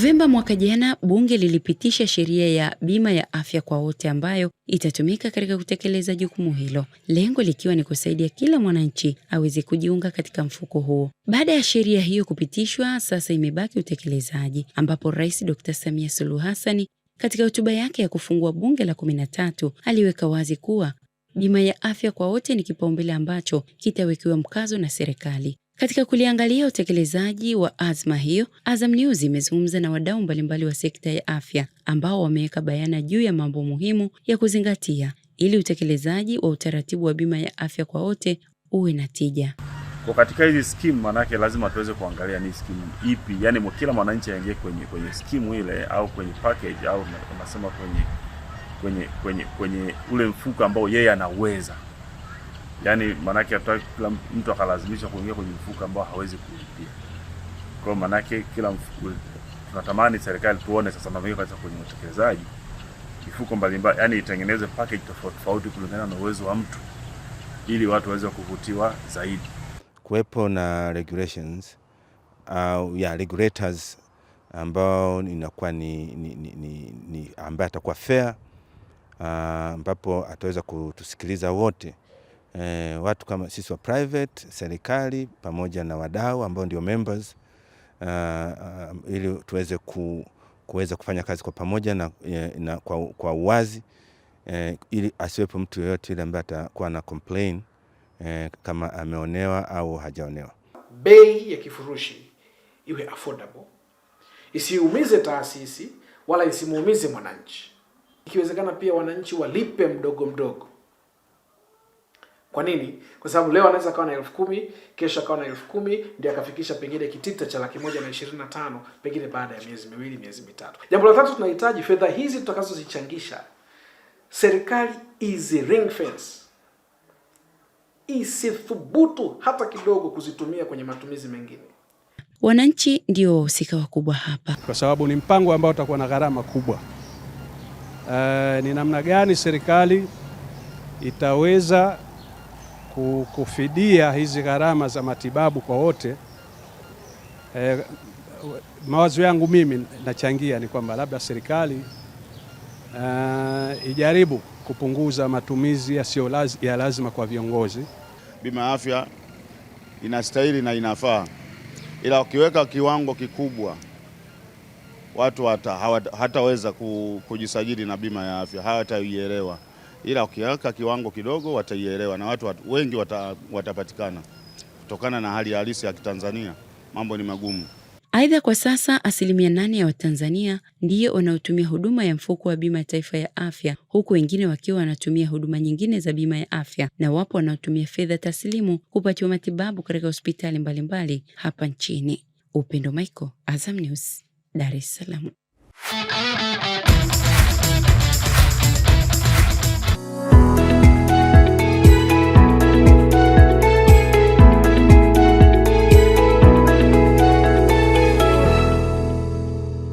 Novemba mwaka jana bunge lilipitisha sheria ya bima ya afya kwa wote ambayo itatumika katika kutekeleza jukumu hilo, lengo likiwa ni kusaidia kila mwananchi aweze kujiunga katika mfuko huo. Baada ya sheria hiyo kupitishwa, sasa imebaki utekelezaji, ambapo Rais Dr. Samia Suluhu Hassani katika hotuba yake ya kufungua bunge la kumi na tatu aliweka wazi kuwa bima ya afya kwa wote ni kipaumbele ambacho kitawekewa mkazo na serikali. Katika kuliangalia utekelezaji wa azma hiyo, Azam News imezungumza na wadau mbalimbali wa sekta ya afya ambao wameweka bayana juu ya mambo muhimu ya kuzingatia ili utekelezaji wa utaratibu wa bima ya afya kwa wote uwe na tija. Kwa katika hizi skimu, manake lazima tuweze kuangalia ni skimu ipi, yani kila mwananchi aingie kwenye kwenye skimu ile au kwenye package au unasema kwenye kwenye kwenye kwenye ule mfuko ambao yeye anaweza yaani manake hatutaki kila mtu akalazimisha kuingia kwenye mfuko ambao hawezi kulipia. Kwa maanake kila mfuko, tunatamani serikali tuone sasa na katika kwenye utekelezaji mifuko mbalimbali, yani itengeneze package tofauti tofauti kulingana na uwezo wa mtu ili watu waweze kuvutiwa zaidi. Kuwepo na regulations uh, ya regulators ambao inakuwa ni, ni, ni, ni, ni ambaye atakuwa fair ah, ambapo uh, ataweza kutusikiliza wote e, watu kama sisi wa private, serikali pamoja na wadau ambao ndio members uh, uh, ili tuweze ku, kuweza kufanya kazi kwa pamoja na, eh, na kwa, kwa uwazi e, ili asiwepo mtu yeyote ile ambaye atakuwa na complain e, kama ameonewa au hajaonewa. Bei ya kifurushi iwe affordable, isiumize taasisi wala isimuumize mwananchi. Ikiwezekana pia wananchi walipe mdogo mdogo. Kwa nini? Kwa sababu leo anaweza akawa na elfu kumi, kesho akawa na elfu kumi ndio akafikisha pengine kitita cha laki moja na ishirini na tano pengine baada ya miezi miwili, miezi mitatu. Jambo la tatu, tunahitaji fedha hizi tutakazozichangisha, serikali izi ring fence, isithubutu hata kidogo kuzitumia kwenye matumizi mengine. Wananchi ndio wahusika wakubwa hapa, kwa sababu ni mpango ambao utakuwa na gharama kubwa. Uh, ni namna gani serikali itaweza kufidia hizi gharama za matibabu kwa wote. E, mawazo yangu mimi nachangia ni kwamba labda serikali e, ijaribu kupunguza matumizi yasiyo ya lazima kwa viongozi. Bima ya afya inastahili na inafaa, ila ukiweka kiwango kikubwa watu hata, hataweza kujisajili na bima ya afya, hawataielewa ila ukiweka kiwango kidogo wataielewa na watu, wengi wata, watapatikana kutokana na hali halisi ya Kitanzania. Mambo ni magumu. Aidha, kwa sasa asilimia nane ya Watanzania ndiyo wanaotumia huduma ya mfuko wa bima ya taifa ya afya, huku wengine wakiwa wanatumia huduma nyingine za bima ya afya, na wapo wanaotumia fedha taslimu kupatiwa matibabu katika hospitali mbalimbali hapa nchini. Upendo Michael, Azam News, Dar es Salaam.